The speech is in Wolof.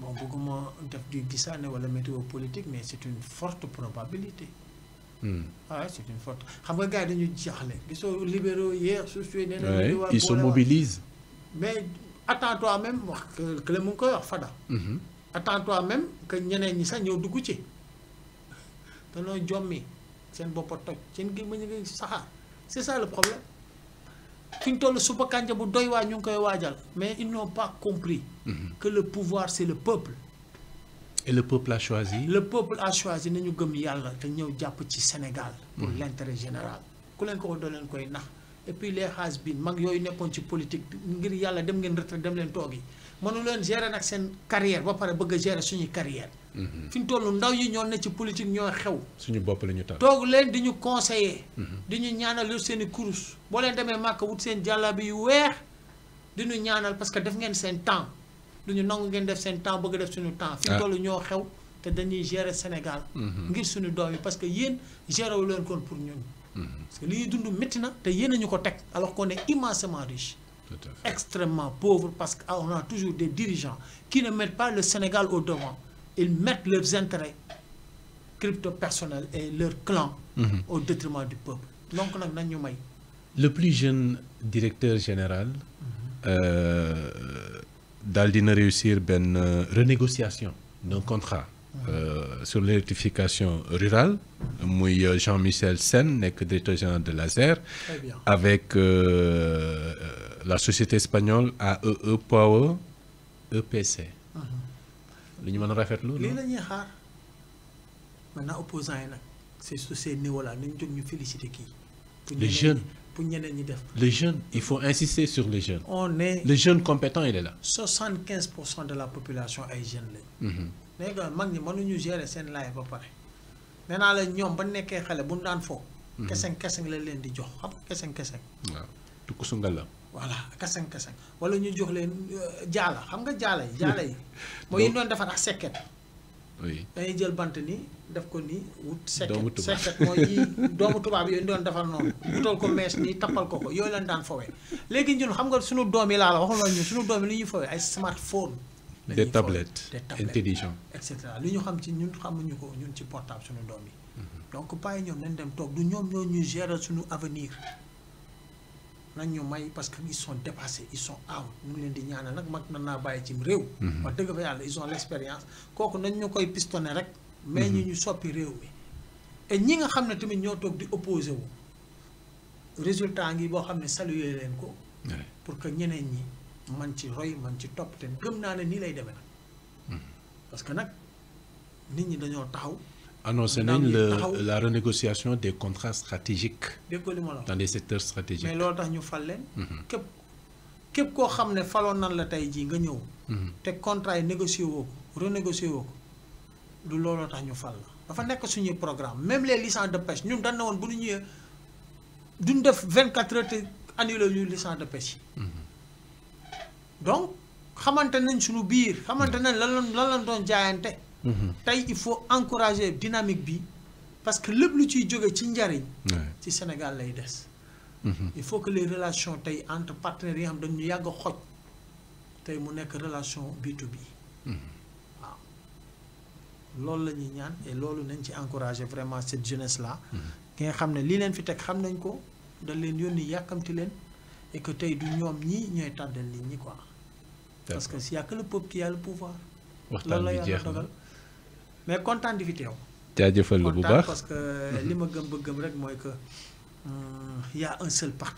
bon bëgguma def du gisaane wala météo politique mais c'est une forte probabilité. Hmm. ah c'est une forte xam nga gars dañu jaaxle gisoo libéraux hier sociaux ils se mobilisent. mais attends-toi même que le mu ngi koy Fada. Hmm. attends-toi même que ñeneen ñi sax ñëw dugg ci. danoo jommi seen bopp a toj seen gémmiñ C'est ça le problème fi ñu toll suba kànja bu doy waa ñu koy waajal mais ils n'ont pas compris mhm. que le pouvoir c'est le peuple et le peuple a choisi le peuple a choisi nañu gëm yàlla te ñëw jàpp ci Sénégal pour mhm. l'intérêt général ku leen ko doon leen koy nax et puis les xaas bi mag yooyu nekkoon ci politique ngir yàlla dem ngeen retraite dem leen toog yi mënu leen gérer nag seen carrière ba pare bëgg a suñu suñuy mhm. fi ñu toll ndaw yi ñoo ne ci politique ñoo xew. suñu bopp la ñu taal toog leen di ñu conseiller. Mhm. di ñu ñaanal seen i kurus boo leen demee màkk wut seen jàllabi yu weex di ñu ñaanal parce que def ngeen seen temps du ñu nangu ngeen def seen temps bëgg a suñu temps. fi ñu ah. toll xew te dañuy gérer Sénégal. Mhm. ngir suñu doom yi parce que yéen gérer wu pour ñun. parce que nous sommes alors qu'on est immensément riche. extrêmement pauvre parce qu'on ah, a toujours des dirigeants qui ne mettent pas le Sénégal au devant. Ils mettent leurs intérêts crypto-personnels et leurs clans mm-hmm. au détriment du peuple. Donc, Le plus jeune directeur général mm -hmm. euh, réussir une renégociation d'un contrat. Euh, sur l'électrification rurale, euh, Jean-Michel Sen, n'est que général de l'ASER, avec euh, la société espagnole AEE Power EPC. Uh-huh. Le ñu de fait rafetlu. lii la opposants c'est sur ces niveaux là féliciter les jeunes les jeunes il faut insister sur les jeunes. on est les jeunes compétents il est là. 75 de la population est jeunes léegi nag mag ñi mënuñu gérer seen laay ba pare nee naa la ñoom ba nekkee xale bu ñu daan fo. Mhm. keseng keseng la leen di jox xam nga keseng keseng. waaw tukku sungal la. voilà keseng keseng wala ñu jox leen euh, jaala xam nga jaala yi jaala yi. mooy yi ñu doon defar ak sekket. oui jël bant nii def ko nii wut. sekket sekket mooy yi doomu tubaab yooyu ñu doon defar noonu. wutal ko mees nii tappal ko ko yooyu leen daan fowee léegi ñun xam nga sunu doom yi laa la waxuloon ñun suñu doom yi li ñuy fowee ay foo des tablettes intelligentes hein, et cetera li ñu xam ci ñun xamuñu nous ñun ci portable suñu mhm. donc dem du ñoo ñuy gérer suñu avenir ñu may parce qu'ils sont dépassés ils sont out na mhm. ils ont l'expérience nañ rek mais mhm. ñi ñu soppi et ñi nga tamit résultat saluer pour que man ci roy man hmm. parce que nous nit la renégociation des contrats stratégiques. dans des secteurs stratégiques. mais lo tax ñu fal leen. ce hmm. képp koo fait nan la nga contrat négocié renégocié programme même les licences de pêche ñun dañ na 24 heures te annulé ñu de pêche hmm. donc xamante nañ suñu biir xamante nañ lan lan lan doon jaayante. Mhm. tey il faut encourager dynamique bi parce que lépp lu ciy jóge ci njariñ. ci Sénégal lay des. Mhm. il faut que les relation tey entre partenaires yi xam dañu yàgg a xoj tey mu nekk relation B2B. Mhm. loolu la ñuy ñaan et loolu nañ ci encourager vraiment cette jeunesse là. ki nga xam ne lii leen fi teg xam nañ ko dañ leen yónni yàkkamti leen. et que tey du ñoom ñii ñooy tàddal nit ñi quoi. parce que s'il y a que le peuple qui a le pouvoir. waxtaan bi jeex na mais kontaan di fi teew. jaajëfal la bu baax parce que li ma gëm ba gëm rek mooy que hmm, y a un seul parti.